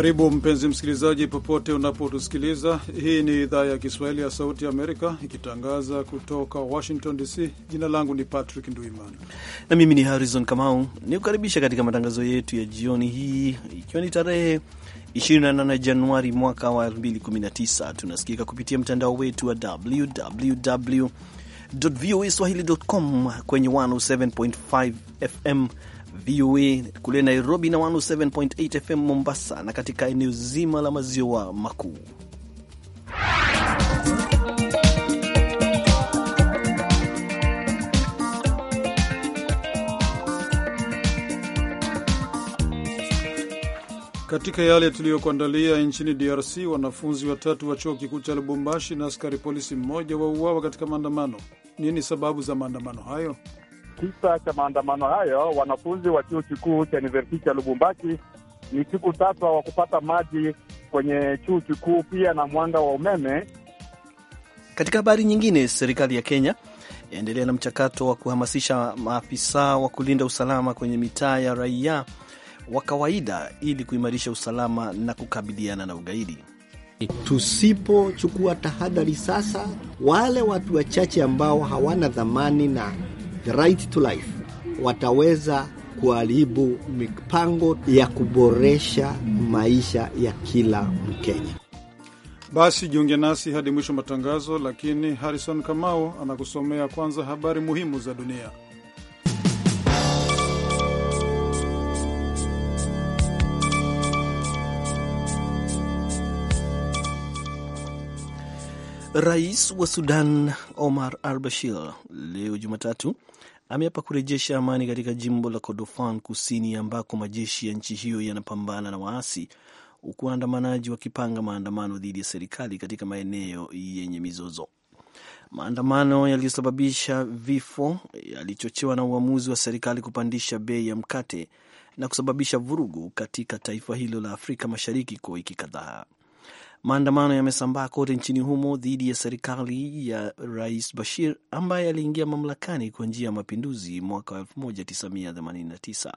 Karibu mpenzi msikilizaji, popote unapotusikiliza. Hii ni idhaa ya Kiswahili ya Sauti ya Amerika ikitangaza kutoka Washington DC. Jina langu ni Patrick Nduimana na mimi ni Harrison Kamau, ni kukaribisha katika matangazo yetu ya jioni hii, ikiwa ni tarehe 28 Januari mwaka wa 2019. Tunasikika kupitia mtandao wetu wa www voa swahili.com kwenye 107.5 FM VOA kule Nairobi na 107.8 FM Mombasa na katika eneo zima la maziwa makuu. Katika yale tuliyokuandalia, nchini DRC wanafunzi watatu wa chuo kikuu cha Lubumbashi na askari polisi mmoja wauawa katika maandamano. Nini sababu za maandamano hayo? kisa cha maandamano hayo, wanafunzi wa chuo kikuu cha universiti ya Lubumbashi ni siku tatu hawakupata maji kwenye chuo kikuu pia na mwanga wa umeme. Katika habari nyingine, serikali ya Kenya yaendelea na mchakato wa kuhamasisha maafisa wa kulinda usalama kwenye mitaa ya raia wa kawaida ili kuimarisha usalama na kukabiliana na ugaidi. Tusipochukua tahadhari sasa, wale watu wachache ambao hawana dhamani na the right to life wataweza kuharibu mipango ya kuboresha maisha ya kila Mkenya. Basi jiunge nasi hadi mwisho matangazo, lakini Harrison Kamau anakusomea kwanza habari muhimu za dunia. Rais wa Sudan Omar al Bashir leo Jumatatu ameapa kurejesha amani katika jimbo la Kordofan Kusini ambako majeshi ya nchi hiyo yanapambana na waasi huku waandamanaji wakipanga maandamano dhidi ya serikali katika maeneo yenye mizozo. Maandamano yaliyosababisha vifo yalichochewa na uamuzi wa serikali kupandisha bei ya mkate na kusababisha vurugu katika taifa hilo la Afrika Mashariki kwa wiki kadhaa. Maandamano yamesambaa kote nchini humo dhidi ya serikali ya Rais Bashir ambaye aliingia mamlakani kwa njia ya mapinduzi mwaka 1989.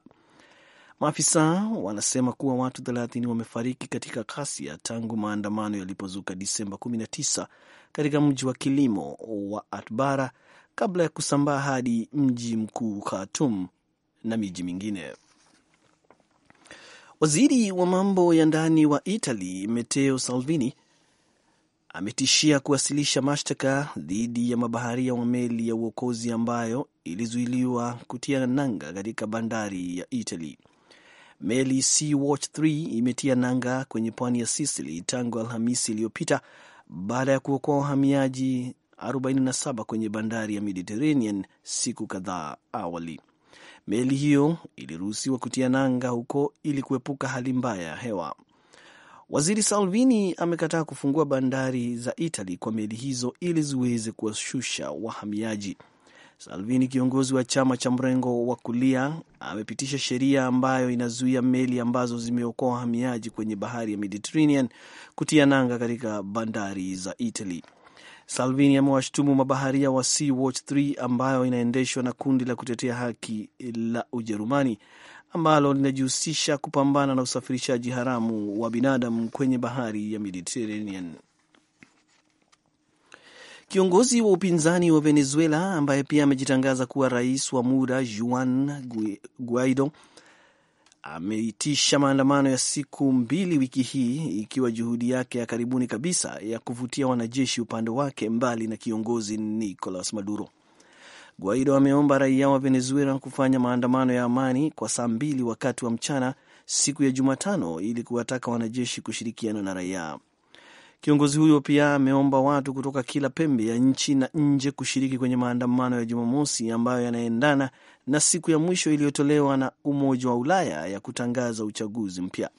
Maafisa wanasema kuwa watu 30 wamefariki katika ghasia tangu maandamano yalipozuka Disemba 19 katika mji wa kilimo wa Atbara kabla ya kusambaa hadi mji mkuu Khartoum na miji mingine. Waziri wa mambo ya ndani wa Italy Matteo Salvini ametishia kuwasilisha mashtaka dhidi ya mabaharia wa meli ya uokozi ambayo ilizuiliwa kutia nanga katika bandari ya Italy. Meli Sea Watch 3 imetia nanga kwenye pwani ya Sicily tangu Alhamisi iliyopita baada ya kuokoa wahamiaji 47 kwenye bandari ya Mediterranean siku kadhaa awali. Meli hiyo iliruhusiwa kutia nanga huko ili kuepuka hali mbaya ya hewa. Waziri Salvini amekataa kufungua bandari za Itali kwa meli hizo ili ziweze kuwashusha wahamiaji. Salvini, kiongozi wa chama cha mrengo wa kulia, amepitisha sheria ambayo inazuia meli ambazo zimeokoa wahamiaji kwenye bahari ya Mediterranean kutia nanga katika bandari za Italy. Salvini amewashtumu mabaharia wa Sea Watch 3 ambayo inaendeshwa na kundi la kutetea haki la Ujerumani ambalo linajihusisha kupambana na usafirishaji haramu wa binadamu kwenye bahari ya Mediterranean. Kiongozi wa upinzani wa Venezuela ambaye pia amejitangaza kuwa rais wa muda Juan Guaido ameitisha maandamano ya siku mbili wiki hii ikiwa juhudi yake ya karibuni kabisa ya kuvutia wanajeshi upande wake mbali na kiongozi Nicolas Maduro. Guaido ameomba raia wa Venezuela kufanya maandamano ya amani kwa saa mbili wakati wa mchana siku ya Jumatano ili kuwataka wanajeshi kushirikiana na raia. Kiongozi huyo pia ameomba watu kutoka kila pembe ya nchi na nje kushiriki kwenye maandamano ya Jumamosi ambayo yanaendana na siku ya mwisho iliyotolewa na Umoja wa Ulaya ya kutangaza uchaguzi mpya.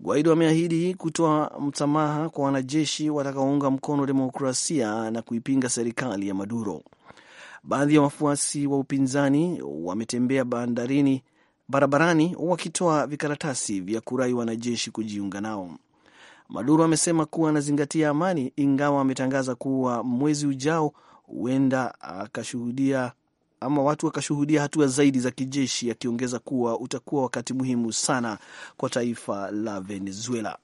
Guaido ameahidi kutoa msamaha kwa wanajeshi watakaounga mkono demokrasia na kuipinga serikali ya Maduro. Baadhi ya wafuasi wa upinzani wametembea bandarini, barabarani wakitoa vikaratasi vya kurai wanajeshi kujiunga nao. Maduro amesema kuwa anazingatia amani, ingawa ametangaza kuwa mwezi ujao huenda akashuhudia ama watu wakashuhudia hatua zaidi za kijeshi, akiongeza kuwa utakuwa wakati muhimu sana kwa taifa la Venezuela.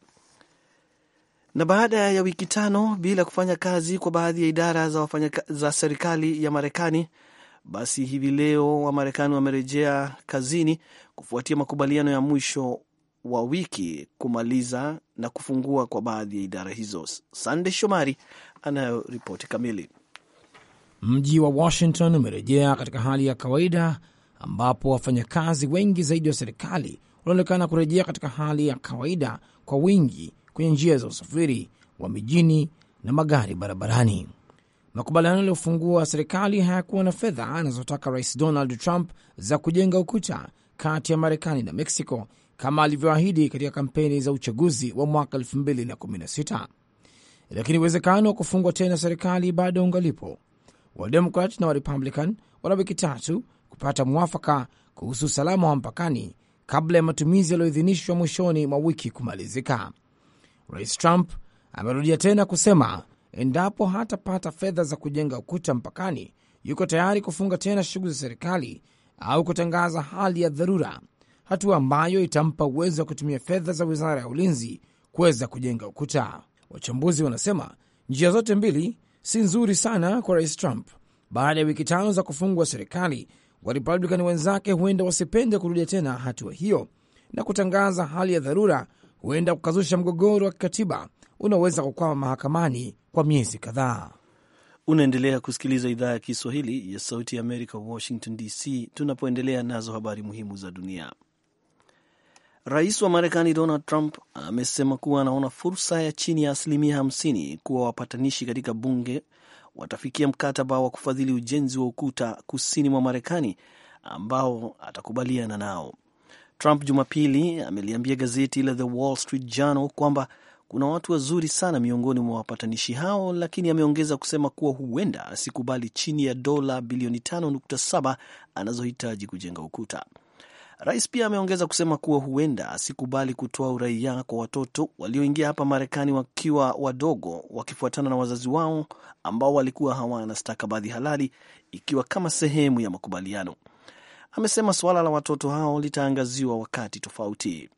Na baada ya wiki tano bila kufanya kazi kwa baadhi ya idara za, wafanya, za serikali ya Marekani, basi hivi leo Wamarekani wamerejea kazini kufuatia makubaliano ya mwisho wa wiki kumaliza na kufungua kwa baadhi ya idara hizo. Sande Shomari anayo ripoti kamili. Mji wa Washington umerejea katika hali ya kawaida ambapo wafanyakazi wengi zaidi wa serikali wanaonekana kurejea katika hali ya kawaida kwa wingi kwenye njia za usafiri wa mijini na magari barabarani. Makubaliano yaliyofungua serikali hayakuwa na fedha anazotaka Rais Donald Trump za kujenga ukuta kati ya Marekani na Meksiko kama alivyoahidi katika kampeni za uchaguzi wa mwaka 2016 lakini uwezekano wa kufungwa tena serikali bado ungalipo. Wademokrat na Warepublican wana wiki tatu kupata mwafaka kuhusu usalama wa mpakani kabla ya matumizi yaliyoidhinishwa mwishoni mwa wiki kumalizika. Rais Trump amerudia tena kusema endapo hatapata fedha za kujenga ukuta mpakani, yuko tayari kufunga tena shughuli za serikali au kutangaza hali ya dharura hatua ambayo itampa uwezo wa kutumia fedha za wizara ya ulinzi kuweza kujenga ukuta. Wachambuzi wanasema njia zote mbili si nzuri sana kwa rais Trump. Baada ya wiki tano za kufungwa serikali, Warepublikani wenzake huenda wasipende kurudia tena hatua hiyo, na kutangaza hali ya dharura huenda kukazusha mgogoro wa kikatiba unaoweza kukwama mahakamani kwa miezi kadhaa. Unaendelea kusikiliza idhaa ya Kiswahili ya Sauti ya Amerika, Washington DC, tunapoendelea nazo habari muhimu za dunia. Rais wa Marekani Donald Trump amesema kuwa anaona fursa ya chini ya asilimia 50 kuwa wapatanishi katika bunge watafikia mkataba wa kufadhili ujenzi wa ukuta kusini mwa Marekani ambao atakubaliana nao. Trump Jumapili ameliambia gazeti la The Wall Street Journal kwamba kuna watu wazuri sana miongoni mwa wapatanishi hao, lakini ameongeza kusema kuwa huenda asikubali chini ya dola bilioni 5.7 anazohitaji kujenga ukuta. Rais pia ameongeza kusema kuwa huenda asikubali kutoa uraia kwa watoto walioingia hapa Marekani wakiwa wadogo wakifuatana na wazazi wao ambao walikuwa hawana stakabadhi halali, ikiwa kama sehemu ya makubaliano. Amesema suala la watoto hao litaangaziwa wakati tofauti.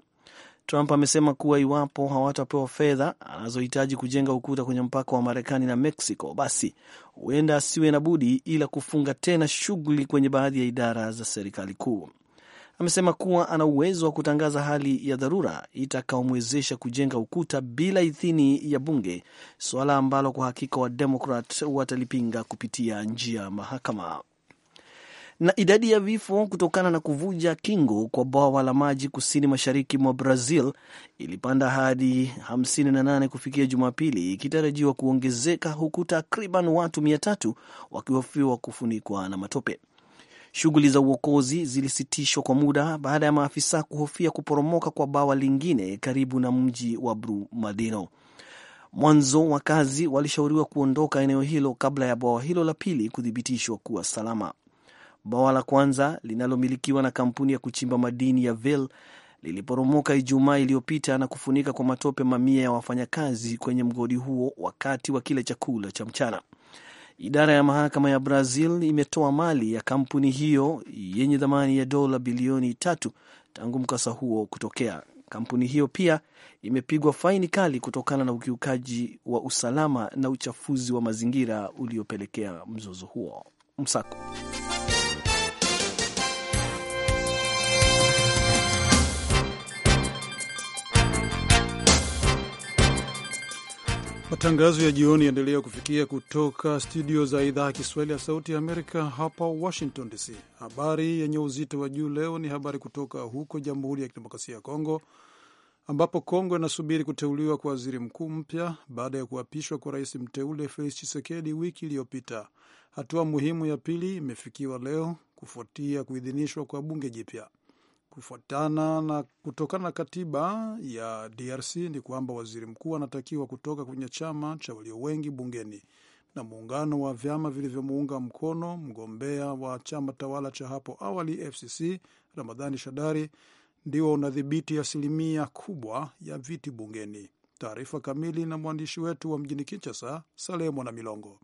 Trump amesema kuwa iwapo hawatapewa fedha anazohitaji kujenga ukuta kwenye mpaka wa Marekani na Mexico, basi huenda asiwe na budi ila kufunga tena shughuli kwenye baadhi ya idara za serikali kuu amesema kuwa ana uwezo wa kutangaza hali ya dharura itakaomwezesha kujenga ukuta bila idhini ya bunge, suala ambalo kwa hakika Wademokrat watalipinga kupitia njia ya mahakama. Na idadi ya vifo kutokana na kuvuja kingo kwa bwawa la maji kusini mashariki mwa Brazil ilipanda hadi 58 kufikia Jumapili, ikitarajiwa kuongezeka huku takriban watu 300 wakihofiwa kufunikwa na matope. Shughuli za uokozi zilisitishwa kwa muda baada ya maafisa kuhofia kuporomoka kwa bawa lingine karibu na mji wa Brumadinho. Mwanzo wakazi walishauriwa kuondoka eneo hilo kabla ya bwawa hilo la pili kuthibitishwa kuwa salama. Bwawa la kwanza linalomilikiwa na kampuni ya kuchimba madini ya vel liliporomoka Ijumaa iliyopita na kufunika kwa matope mamia ya wafanyakazi kwenye mgodi huo wakati wa kile chakula cha mchana. Idara ya mahakama ya Brazil imetoa mali ya kampuni hiyo yenye thamani ya dola bilioni tatu tangu mkasa huo kutokea. Kampuni hiyo pia imepigwa faini kali kutokana na ukiukaji wa usalama na uchafuzi wa mazingira uliopelekea mzozo huo. Msako Matangazo ya jioni yaendelea kufikia kutoka studio za idhaa ya Kiswahili ya Sauti ya Amerika hapa Washington DC. Habari yenye uzito wa juu leo ni habari kutoka huko Jamhuri ya Kidemokrasia ya Kongo, ambapo Kongo inasubiri kuteuliwa kwa waziri mkuu mpya baada ya kuapishwa kwa rais mteule Felix Tshisekedi wiki iliyopita. Hatua muhimu ya pili imefikiwa leo kufuatia kuidhinishwa kwa bunge jipya. Kufuatana na kutokana na katiba ya DRC ni kwamba waziri mkuu anatakiwa kutoka kwenye chama cha walio wengi bungeni, na muungano wa vyama vilivyomuunga mkono mgombea wa chama tawala cha hapo awali FCC Ramadhani Shadari ndio unadhibiti asilimia kubwa ya viti bungeni. Taarifa kamili na mwandishi wetu wa mjini Kinshasa, Salemo na Milongo.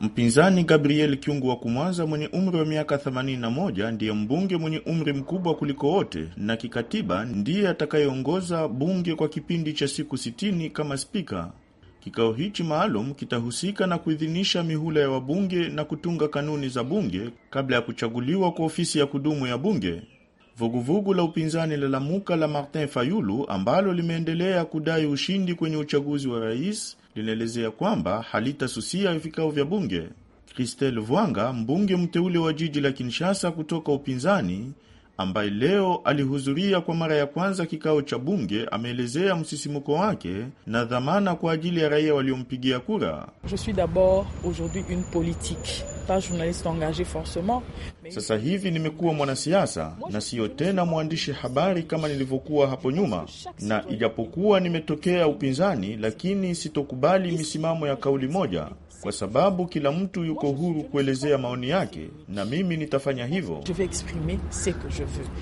Mpinzani Gabriel Kyungu wa Kumwaza mwenye umri wa miaka 81 ndiye mbunge mwenye umri mkubwa kuliko wote na kikatiba ndiye atakayeongoza bunge kwa kipindi cha siku 60 kama spika. Kikao hichi maalum kitahusika na kuidhinisha mihula ya wabunge na kutunga kanuni za bunge kabla ya kuchaguliwa kwa ofisi ya kudumu ya bunge vuguvugu la upinzani la Lamuka la Martin Fayulu ambalo limeendelea kudai ushindi kwenye uchaguzi wa rais linaelezea kwamba halitasusia vikao vya bunge. Christel Vwanga, mbunge mteule wa jiji la Kinshasa kutoka upinzani, ambaye leo alihudhuria kwa mara ya kwanza kikao cha bunge ameelezea msisimuko wake na dhamana kwa ajili ya raia waliompigia kura. Je suis d'abord aujourd'hui une politique pas journaliste Sasa hivi nimekuwa mwanasiasa na siyo tena mwandishi habari kama nilivyokuwa hapo nyuma, na ijapokuwa nimetokea upinzani, lakini sitokubali misimamo ya kauli moja kwa sababu kila mtu yuko huru kuelezea maoni yake, na mimi nitafanya hivyo.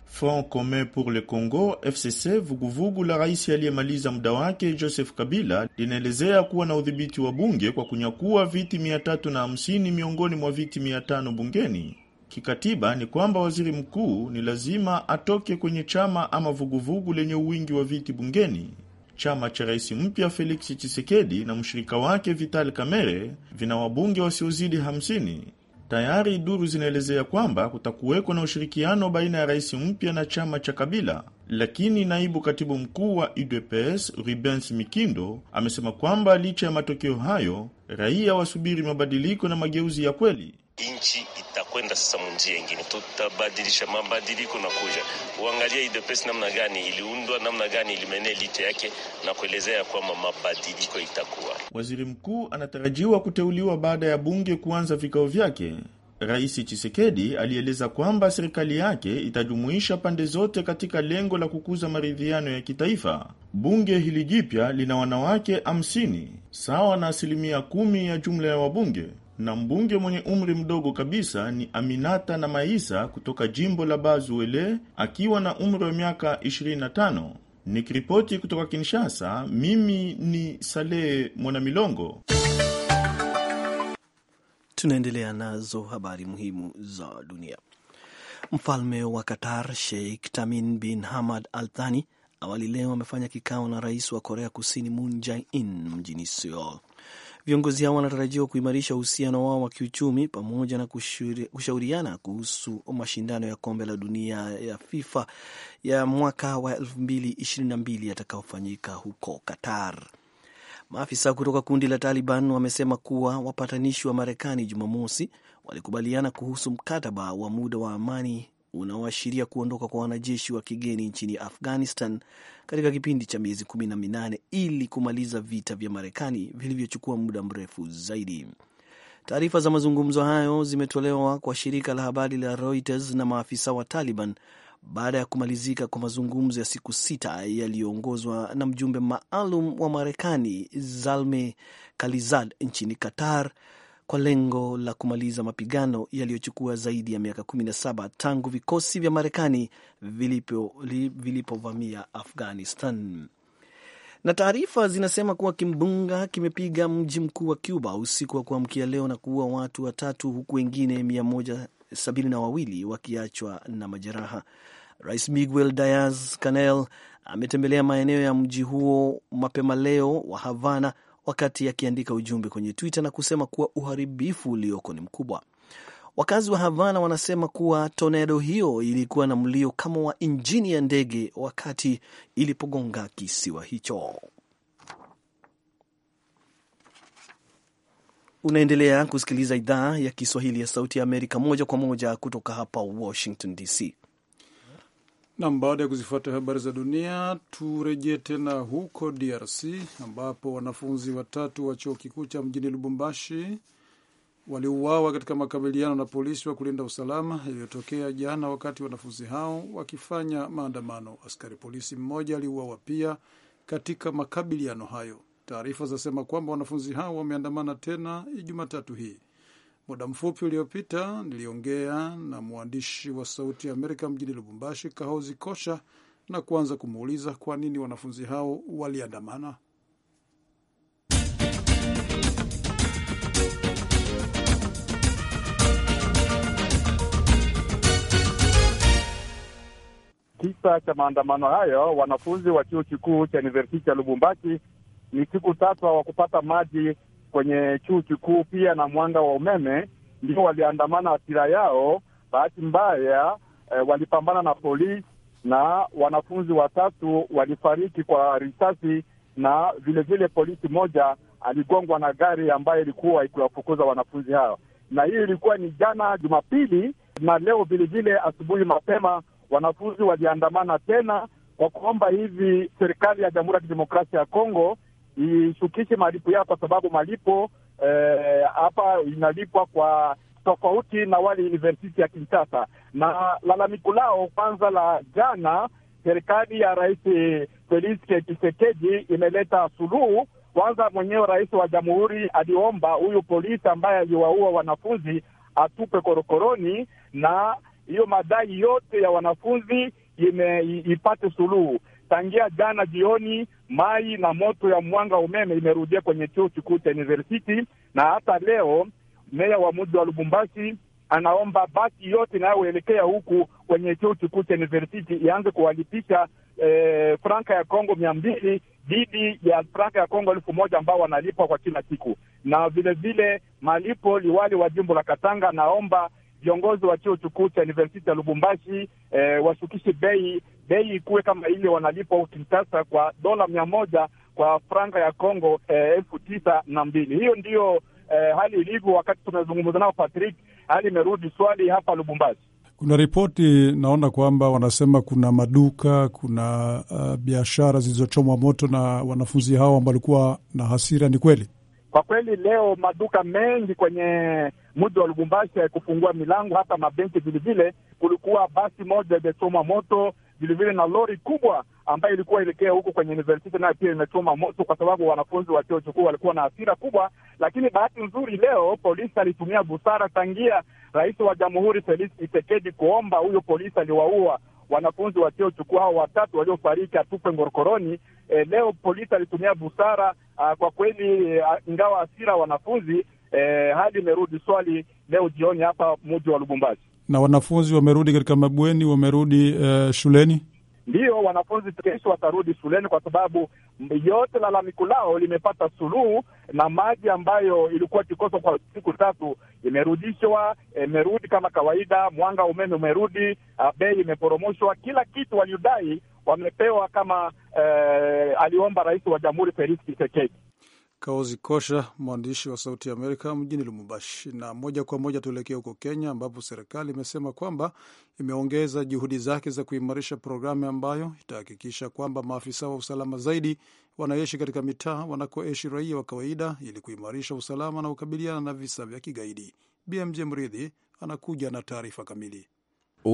Front Commun pour le Congo, FCC, vuguvugu la rais aliyemaliza muda wake Joseph Kabila, linaelezea kuwa na udhibiti wa bunge kwa kunyakua viti 350 miongoni mwa viti 500 bungeni. Kikatiba ni kwamba waziri mkuu ni lazima atoke kwenye chama ama vuguvugu lenye uwingi wa viti bungeni. Chama cha rais mpya Felix chisekedi na mshirika wake Vital Kamerhe vina wabunge wasiozidi 50. Tayari duru zinaelezea kwamba kutakuweko na ushirikiano baina ya rais mpya na chama cha Kabila, lakini naibu katibu mkuu wa UDPS Rubens Mikindo amesema kwamba licha ya matokeo hayo, raia wasubiri mabadiliko na mageuzi ya kweli. Nchi itakwenda sasa munjia ingine, tutabadilisha mabadiliko na kuja kuangalia idepesi namna gani iliundwa, namna gani ilimenea licha yake na kuelezea kwamba mabadiliko itakuwa. Waziri mkuu anatarajiwa kuteuliwa baada ya bunge kuanza vikao vyake. Rais Chisekedi alieleza kwamba serikali yake itajumuisha pande zote katika lengo la kukuza maridhiano ya kitaifa. Bunge hili jipya lina wanawake 50 sawa na asilimia kumi ya jumla ya wabunge na mbunge mwenye umri mdogo kabisa ni Aminata na Maisa kutoka jimbo la Bazuele akiwa na umri wa miaka 25. Nikiripoti kutoka Kinshasa, mimi ni salehe Mwanamilongo. Tunaendelea nazo habari muhimu za dunia. Mfalme wa Qatar Sheikh Tamim bin Hamad Al Thani awali leo amefanya kikao na rais wa Korea Kusini Moon Jae-in mjini Seoul. Viongozi hao wanatarajiwa kuimarisha uhusiano wao wa kiuchumi pamoja na kushauriana kuhusu mashindano ya kombe la dunia ya FIFA ya mwaka wa 2022 yatakayofanyika huko Qatar. Maafisa kutoka kundi la Taliban wamesema kuwa wapatanishi wa Marekani Jumamosi walikubaliana kuhusu mkataba wa muda wa amani unaoashiria kuondoka kwa wanajeshi wa kigeni nchini Afghanistan katika kipindi cha miezi kumi na minane ili kumaliza vita vya Marekani vilivyochukua muda mrefu zaidi. Taarifa za mazungumzo hayo zimetolewa kwa shirika la habari la Reuters na maafisa wa Taliban baada ya kumalizika kwa mazungumzo ya siku sita yaliyoongozwa na mjumbe maalum wa Marekani zalme kalizad nchini Qatar kwa lengo la kumaliza mapigano yaliyochukua zaidi ya miaka 17 tangu vikosi vya Marekani vilipovamia vilipo Afghanistan. Na taarifa zinasema kuwa kimbunga kimepiga mji mkuu wa Cuba usiku wa kuamkia leo na kuua watu watatu huku wengine 172 wakiachwa na majeraha. Rais Miguel Diaz Canel ametembelea maeneo ya mji huo mapema leo wa Havana wakati akiandika ujumbe kwenye Twitter na kusema kuwa uharibifu ulioko ni mkubwa. Wakazi wa Havana wanasema kuwa tornado hiyo ilikuwa na mlio kama wa injini ya ndege wakati ilipogonga kisiwa hicho. Unaendelea kusikiliza idhaa ya Kiswahili ya Sauti ya Amerika moja kwa moja kutoka hapa Washington DC. Nam, baada ya kuzifuata habari za dunia, turejee tena huko DRC ambapo wanafunzi watatu wa chuo kikuu cha mjini Lubumbashi waliuawa katika makabiliano na polisi wa kulinda usalama yaliyotokea jana, wakati wanafunzi hao wakifanya maandamano. Askari polisi mmoja aliuawa pia katika makabiliano hayo. Taarifa zinasema kwamba wanafunzi hao wameandamana tena Jumatatu hii. Muda mfupi uliopita niliongea na mwandishi wa Sauti ya Amerika mjini Lubumbashi, Kahozi Kosha, na kuanza kumuuliza kwa nini wanafunzi hao waliandamana. Kisa cha maandamano hayo, wanafunzi wa chuo kikuu cha universiti cha Lubumbashi ni siku tatu hawakupata maji kwenye chuu kikuu pia na mwanga wa umeme, ndio waliandamana asira yao. Bahati mbaya e, walipambana na polisi na wanafunzi watatu walifariki kwa risasi, na vilevile polisi moja aligongwa na gari ambayo ilikuwa ikiwafukuza wanafunzi hao, na hii ilikuwa ni jana Jumapili, na leo vilevile asubuhi mapema wanafunzi waliandamana tena kwa kuomba hivi serikali ya Jamhuri ya Kidemokrasia ya Kongo ishukishe malipo yao, kwa sababu malipo eh, hapa eh, inalipwa kwa tofauti na wale university ya Kinshasa. Na lalamiko lao kwanza la jana, serikali ya Rais Felix Tshisekedi imeleta suluhu. Kwanza mwenyewe rais wa jamhuri aliomba huyu polisi ambaye aliwaua wanafunzi atupe korokoroni, na hiyo madai yote ya wanafunzi ime ipate suluhu tangia jana jioni mai na moto ya mwanga umeme imerudia kwenye chuo kikuu cha university, na hata leo meya wa mji wa Lubumbashi anaomba basi yote inayoelekea huku kwenye chuo kikuu cha university ianze kuwalipisha eh, franka ya Kongo mia mbili dhidi ya franka ya Kongo elfu moja ambao wanalipwa kwa kila siku, na vilevile vile malipo liwali wa jimbo la Katanga anaomba viongozi wa chuo kikuu cha University ya Lubumbashi eh, washukishe bei bei ikuwe kama ile wanalipwa huku Kinshasa kwa dola mia moja kwa franga ya Congo eh, elfu eh, tisa na mbili. Hiyo ndiyo eh, hali ilivyo. Wakati tumezungumza nao Patrick, hali imerudi swali hapa Lubumbashi. Kuna ripoti naona kwamba wanasema kuna maduka, kuna uh, biashara zilizochomwa moto na wanafunzi hao ambao walikuwa na hasira. Ni kweli? Kwa kweli leo maduka mengi kwenye mji wa Lubumbashi haikufungua milango, hata mabenki vilevile. Kulikuwa basi moja imechoma moto vilevile na lori kubwa ambayo ilikuwa ilekea huko kwenye university nayo pia imechoma moto, kwa sababu wanafunzi wa chuo kikuu walikuwa na hasira kubwa. Lakini bahati nzuri leo polisi alitumia busara, tangia rais wa jamhuri Felix Tshisekedi kuomba huyo polisi aliwaua wanafunzi wa chuo hao watatu waliofariki atupe ngorokoroni. E, leo polisi alitumia busara a, ah, kwa kweli a, ah, ingawa asira wanafunzi e, eh, hali imerudi swali leo jioni hapa mji wa Lubumbashi, na wanafunzi wamerudi katika mabweni, wamerudi e, shuleni Ndiyo, wanafunzi kesho watarudi shuleni kwa sababu yote lalamiko lao limepata suluhu, na maji ambayo ilikuwa kikoso kwa siku tatu imerudishwa, imerudi kama kawaida, mwanga, umeme umerudi, ah, bei imeporomoshwa, kila kitu waliodai wamepewa, kama eh, aliomba rais wa jamhuri Felix Tshisekedi. Kaozi Kosha, mwandishi wa Sauti ya Amerika mjini lumumbashi Na moja kwa moja tuelekee huko Kenya, ambapo serikali imesema kwamba imeongeza juhudi zake za kuimarisha programu ambayo itahakikisha kwamba maafisa wa usalama zaidi wanaishi katika mitaa wanakoishi raia wa kawaida, ili kuimarisha usalama na kukabiliana na visa vya kigaidi. BMJ Mridhi anakuja na taarifa kamili.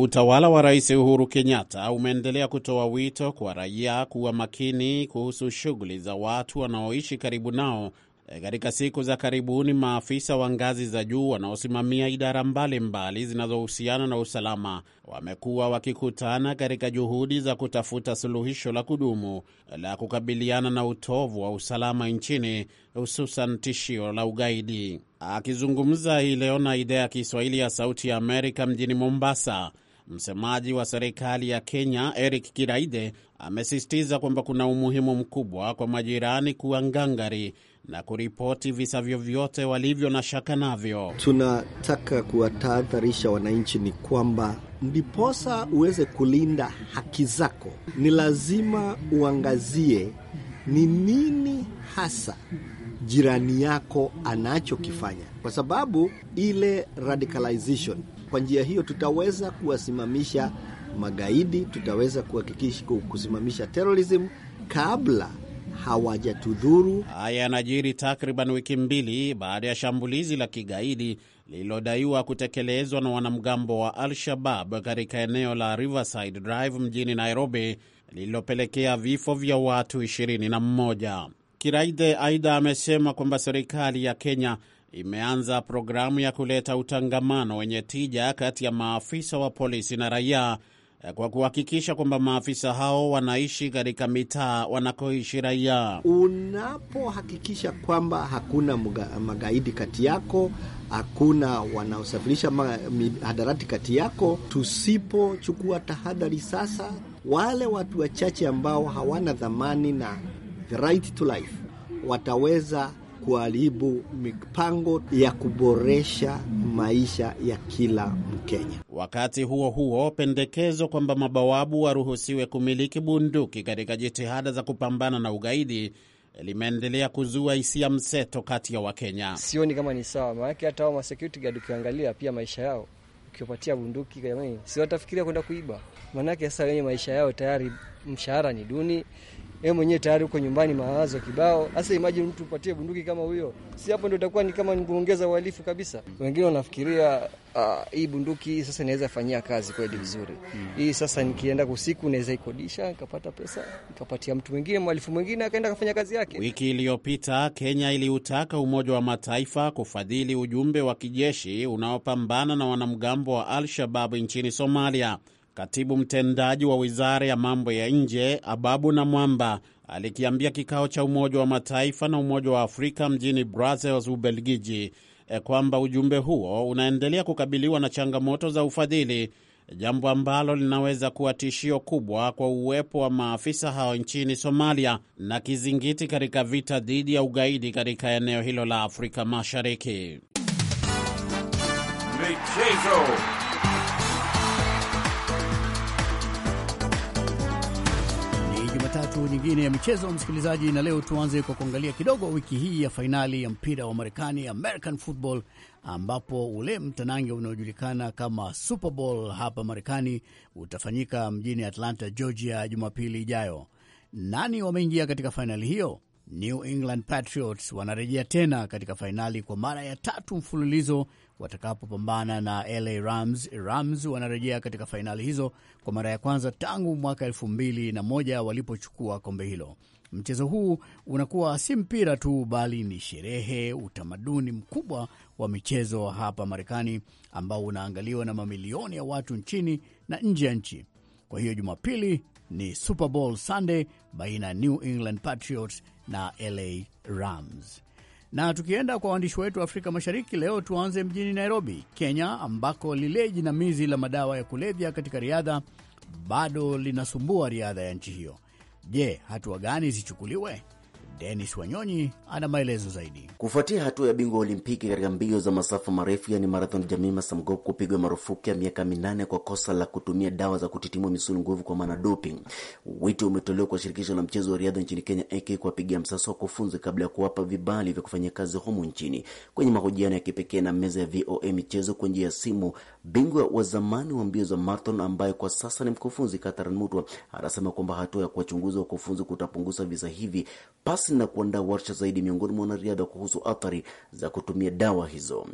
Utawala wa Rais Uhuru Kenyatta umeendelea kutoa wito kwa raia kuwa makini kuhusu shughuli za watu wanaoishi karibu nao. E, katika siku za karibuni, maafisa wa ngazi za juu wanaosimamia idara mbalimbali zinazohusiana na usalama wamekuwa wakikutana katika juhudi za kutafuta suluhisho la kudumu la kukabiliana na utovu wa usalama nchini, hususan tishio la ugaidi. Akizungumza hii leo na idhaa ya Kiswahili ya Sauti ya Amerika mjini Mombasa, Msemaji wa serikali ya Kenya Eric kiraide amesisitiza kwamba kuna umuhimu mkubwa kwa majirani kuwa ngangari na kuripoti visa vyovyote walivyo na shaka navyo. Tunataka kuwatahadharisha wananchi ni kwamba ndiposa uweze kulinda haki zako, ni lazima uangazie ni nini hasa jirani yako anachokifanya, kwa sababu ile radicalization kwa njia hiyo tutaweza kuwasimamisha magaidi, tutaweza kuhakikisha kusimamisha terrorism kabla hawajatudhuru. Haya yanajiri takriban wiki mbili baada ya shambulizi la kigaidi lililodaiwa kutekelezwa na wanamgambo wa Al-Shabab katika eneo la Riverside Drive mjini Nairobi, lililopelekea vifo vya watu 21. kiraide aidha amesema kwamba serikali ya Kenya imeanza programu ya kuleta utangamano wenye tija kati ya maafisa wa polisi na raia eh, kwa kuhakikisha kwamba maafisa hao wanaishi katika mitaa wanakoishi raia. Unapohakikisha kwamba hakuna mga, magaidi kati yako, hakuna wanaosafirisha mihadarati kati yako, tusipochukua tahadhari sasa, wale watu wachache ambao hawana dhamani na the right to life wataweza kuharibu mipango ya kuboresha maisha ya kila Mkenya. Wakati huo huo, pendekezo kwamba mabawabu waruhusiwe kumiliki bunduki katika jitihada za kupambana na ugaidi limeendelea kuzua hisia mseto kati ya Wakenya. Sioni kama ni sawa, maanake hata hao security guard ukiangalia pia maisha yao, ukiwapatia bunduki, jamani, si watafikiria kwenda kuiba? Maanake sasa wenye maisha yao tayari mshahara ni duni, yeye mwenyewe tayari uko nyumbani, mawazo kibao. Sasa imagine mtu upatie bunduki kama huyo, si hapo ndio itakuwa ni kama kuongeza uhalifu kabisa. Wengine wanafikiria Uh, hii bunduki sasa inaweza fanyia kazi kweli vizuri mm. Hii sasa nikienda usiku naweza ikodisha nikapata pesa nikapatia mtu mwingine mwalifu mwingine akaenda akafanya kazi yake. Wiki iliyopita Kenya iliutaka Umoja wa Mataifa kufadhili ujumbe wa kijeshi unaopambana na wanamgambo wa al shabab nchini Somalia. Katibu mtendaji wa wizara ya mambo ya nje Ababu na Mwamba alikiambia kikao cha Umoja wa Mataifa na Umoja wa Afrika mjini Brussels, Ubelgiji, eh, kwamba ujumbe huo unaendelea kukabiliwa na changamoto za ufadhili, jambo ambalo linaweza kuwa tishio kubwa kwa uwepo wa maafisa hao nchini Somalia na kizingiti katika vita dhidi ya ugaidi katika eneo hilo la Afrika Mashariki. Michezo. nyingine ya michezo, msikilizaji, na leo tuanze kwa kuangalia kidogo wiki hii ya fainali ya mpira wa Marekani, American football, ambapo ule mtanange unaojulikana kama Super Bowl hapa Marekani utafanyika mjini Atlanta, Georgia, Jumapili ijayo. Nani wameingia katika fainali hiyo? New England Patriots wanarejea tena katika fainali kwa mara ya tatu mfululizo watakapopambana na LA Rams. Rams wanarejea katika fainali hizo kwa mara ya kwanza tangu mwaka elfu mbili na moja walipochukua kombe hilo. Mchezo huu unakuwa si mpira tu, bali ni sherehe, utamaduni mkubwa wa michezo hapa Marekani ambao unaangaliwa na mamilioni ya watu nchini na nje ya nchi. Kwa hiyo Jumapili ni Super Bowl Sunday baina ya New England Patriots na LA Rams. Na tukienda kwa waandishi wetu wa Afrika Mashariki leo, tuanze mjini Nairobi, Kenya, ambako lile jinamizi la madawa ya kulevya katika riadha bado linasumbua riadha ya nchi hiyo. Je, hatua gani zichukuliwe? Denis Wanyonyi ana maelezo zaidi. Kufuatia hatua ya bingwa Olimpiki katika mbio za masafa marefu yani marathon, Jemima Samgop kupigwa marufuku ya miaka minane kwa kosa la kutumia dawa za kutitimua misuli nguvu kwa maana doping, wito umetolewa kwa shirikisho la mchezo wa riadha nchini Kenya AK kuwapigia msasa wa kufunzi kabla ya kuwapa vibali vya kufanya kazi humu nchini. Kwenye mahojiano ya kipekee na meza ya VOA michezo kwa njia ya simu, bingwa wa zamani wa mbio za marathon ambaye kwa sasa ni mkufunzi Catherine Mutwa anasema kwamba hatua ya kuwachunguza wakufunzi kutapunguza visa hivi pas kasi na kuandaa warsha zaidi miongoni mwa wanariadha kuhusu athari za kutumia dawa hizo.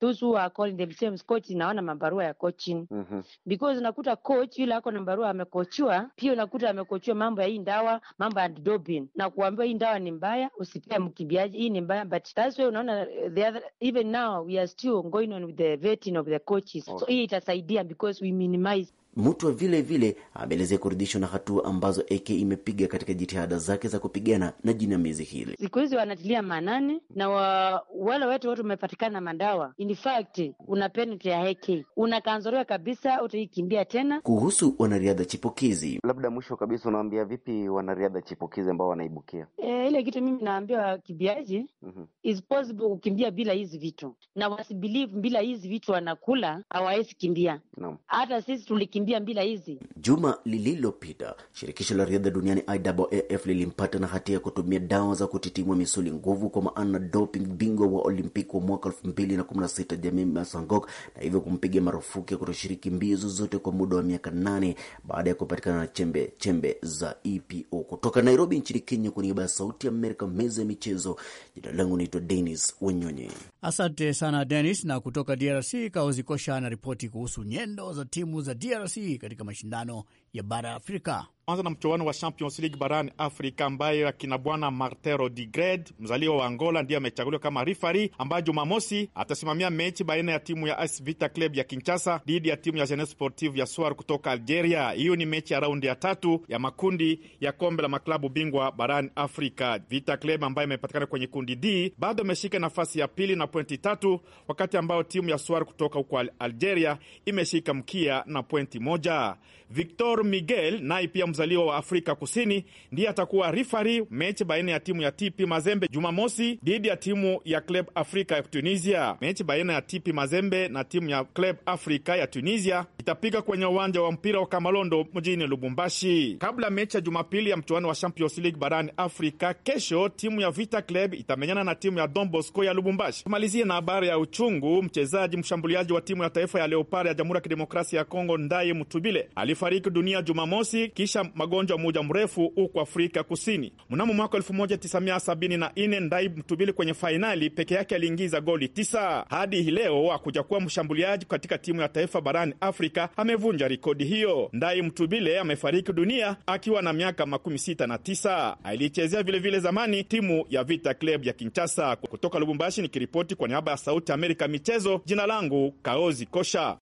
Those who are calling themselves coach naona mabarua ya coaching mm -hmm. Because unakuta coach yule ako na barua amekochiwa, pia unakuta amekochiwa mambo ya hii ndawa, mambo ya doping na kuambiwa hii ndawa ni mbaya, usipia mkibiaji, hii ni mbaya, but that's why unaona uh, the other, even now we are still going on with the vetting of the coaches okay. So hii itasaidia because we minimize Mutwa vile vile ameelezea kurudishwa na hatua ambazo AK imepiga katika jitihada zake za kupigana na jinamizi hili. Siku hizi wanatilia maanani na wa, wale wetu wote umepatikana madawa, in fact una penalty ya AK unakanzoriwa kabisa, utaikimbia tena. Kuhusu wanariadha chipukizi, labda mwisho kabisa unawambia vipi wanariadha chipukizi ambao wanaibukia? E, ile kitu mimi naambia wakimbiaji, mm -hmm. is possible kukimbia bila hizi vitu, na wasibilivu, bila hizi vitu wanakula hawawezi kimbia. Hata no. sisi tulikimbia kukimbia mbila hizi. Juma lililopita shirikisho la riadha duniani IAAF lilimpata na hatia ya kutumia dawa za kutitimwa misuli nguvu, kwa maana doping, bingwa wa olimpiki wa mwaka 2016 Jamima masangok na hivyo kumpiga marufuku ya kutoshiriki mbio zozote kwa muda wa miaka nane baada ya kupatikana na chembe chembe za EPO. Kutoka Nairobi nchini Kenya, kwa niaba ya Sauti ya Amerika, meza ya michezo, jina langu naitwa Denis Wenyonye. Asante sana Denis. Na kutoka DRC, Kaozi Kosha anaripoti kuhusu nyendo za timu za DRC DRC katika mashindano ya bara Afrika. Kwanza na mchuano wa Champions League barani Afrika ambayo akina bwana Martin Odegaard mzaliwa wa Angola ndiye amechaguliwa kama rifari ambaye Jumamosi atasimamia mechi baina ya timu ya AS Vita Club ya Kinshasa dhidi ya timu ya Jeunesse Sportive ya Swar kutoka Algeria. Hiyo ni mechi ya raundi ya tatu ya makundi ya kombe la maklabu bingwa barani Afrika. Vita Club ambayo imepatikana kwenye kundi D bado ameshika nafasi ya pili na pointi tatu, wakati ambayo timu ya Swar kutoka huko Algeria imeshika mkia na pointi moja. Victor Victor Miguel, naye pia mzaliwa wa Afrika Kusini, ndiye atakuwa rifari mechi baina ya timu ya TP Mazembe Jumamosi dhidi ya timu ya Club Africa ya Tunisia. Mechi baina ya TP Mazembe na timu ya Club Africa ya Tunisia itapiga kwenye uwanja wa mpira wa Kamalondo mjini Lubumbashi, kabla mechi ya Jumapili ya mchuano wa Champions League barani Afrika. Kesho timu ya Vita Club itamenyana na timu ya Don Bosco ya Lubumbashi. Tumalizie na habari ya uchungu. Mchezaji mshambuliaji wa timu ya taifa ya Leopard ya Jamhuri ya Kidemokrasia ya Kongo, Ndaye Mutubile alifariki dunia dunia Jumamosi kisha magonjwa muda mrefu huko Afrika Kusini. Mnamo mwaka 1974 ndai Mtubili kwenye fainali peke yake aliingiza goli tisa. Hadi hii leo akuja kuwa mshambuliaji katika timu ya taifa barani Afrika, amevunja rekodi hiyo. ndai Mtubile amefariki dunia akiwa na miaka makumi sita na tisa. Aliichezea vilevile zamani timu ya Vita Club ya Kinshasa. Kutoka Lubumbashi nikiripoti kwa niaba ya Sauti Amerika michezo, jina langu Kaozi Kosha.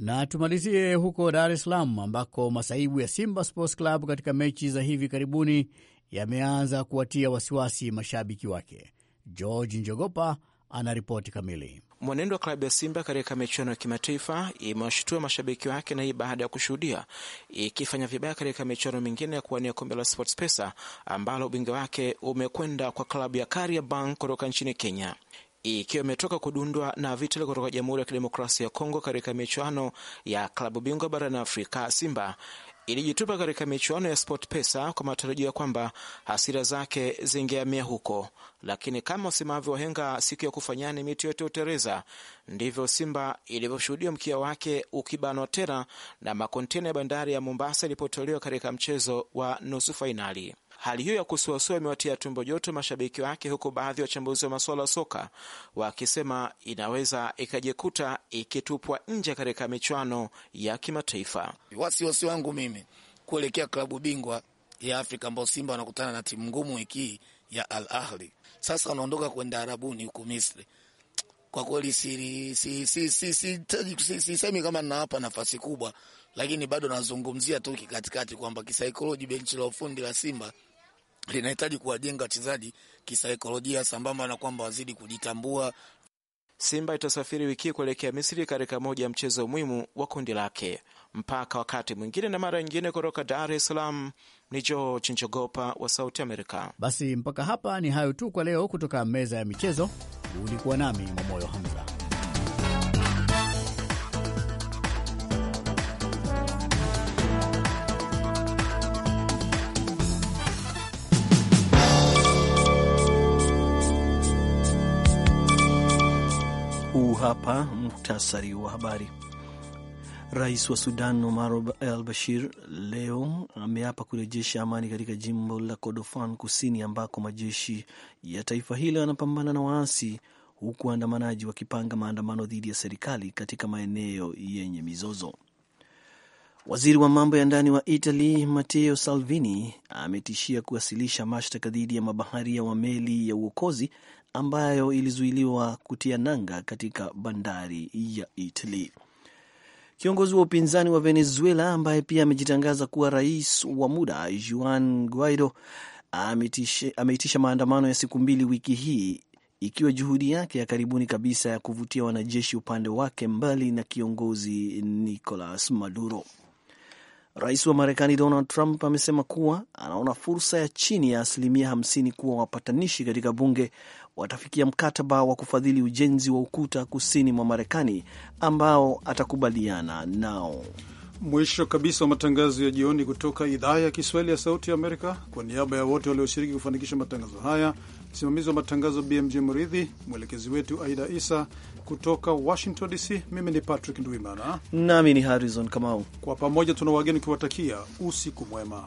Na tumalizie huko Dar es Salaam ambako masaibu ya Simba Sports Club katika mechi za hivi karibuni yameanza kuwatia wasiwasi mashabiki wake. George Njogopa anaripoti kamili. Mwenendo wa klabu ya Simba katika michuano ya kimataifa imewashutua mashabiki wake, na hii baada ya kushuhudia ikifanya vibaya katika michuano mingine ya kuwania kombe la pesa ambalo ubingwa wake umekwenda kwa klabu ya Kariobangi kutoka nchini Kenya ikiwa imetoka kudundwa na Vitali kutoka Jamhuri ya Kidemokrasia ya Kongo katika michuano ya klabu bingwa barani Afrika. Simba ilijitupa katika michuano ya Sport Pesa kwa matarajio ya kwamba hasira zake zingeamia huko, lakini kama wasemavyo wahenga, siku ya kufanyani miti yote utereza Ndivyo Simba ilivyoshuhudia mkia wake ukibanwa tena na makontena ya bandari ya Mombasa ilipotolewa katika mchezo wa nusu fainali. Hali hiyo ya kusuasua imewatia tumbo joto mashabiki wake, huku baadhi ya wachambuzi wa masuala ya soka wakisema inaweza ikajikuta ikitupwa nje katika michuano ya kimataifa. Wasiwasi wangu mimi kuelekea klabu bingwa ya Afrika ambao Simba wanakutana na timu ngumu wiki hii ya Al Ahli, sasa wanaondoka kwenda Arabuni huku Misri. Kwa kweli sisemi si, si, si, si, kama ninawapa nafasi kubwa, lakini bado nazungumzia tu kikatikati kwamba kisaikoloji benchi la ufundi la Simba linahitaji kuwajenga wachezaji kisaikolojia, sambamba na kwamba wazidi kujitambua. Simba itasafiri wiki kuelekea Misri katika moja ya mchezo muhimu wa kundi lake. Mpaka wakati mwingine na mara nyingine, kutoka Dar es Salaam ni George Njogopa wa Sauti Amerika. Basi mpaka hapa ni hayo tu kwa leo, kutoka meza ya michezo. Ulikuwa nami Mwamoyo Hamza. hapa muktasari wa habari. Rais wa Sudan Omar al Bashir leo ameapa kurejesha amani katika jimbo la Kordofan Kusini, ambako majeshi ya taifa hilo yanapambana na waasi, huku waandamanaji wakipanga maandamano dhidi ya serikali katika maeneo yenye mizozo. Waziri wa mambo ya ndani wa Italy Matteo Salvini ametishia kuwasilisha mashtaka dhidi ya mabaharia wa meli ya uokozi ambayo ilizuiliwa kutia nanga katika bandari ya Italy. Kiongozi wa upinzani wa Venezuela ambaye pia amejitangaza kuwa rais wa muda Juan Guaido ameitisha maandamano ya siku mbili wiki hii ikiwa juhudi yake ya karibuni kabisa ya kuvutia wanajeshi upande wake mbali na kiongozi Nicolas Maduro. Rais wa Marekani Donald Trump amesema kuwa anaona fursa ya chini ya asilimia 50 kuwa wapatanishi katika bunge watafikia mkataba wa kufadhili ujenzi wa ukuta kusini mwa Marekani ambao atakubaliana nao. Mwisho kabisa wa matangazo ya jioni kutoka idhaa ya Kiswahili ya Sauti ya Amerika. Kwa niaba ya wote walioshiriki kufanikisha matangazo haya, msimamizi wa matangazo BMJ Mridhi, mwelekezi wetu Aida Isa. Kutoka Washington DC, mimi ni Patrick Ndwimana nami ni Harrison Kamau. Kwa pamoja tuna wageni ukiwatakia usiku mwema.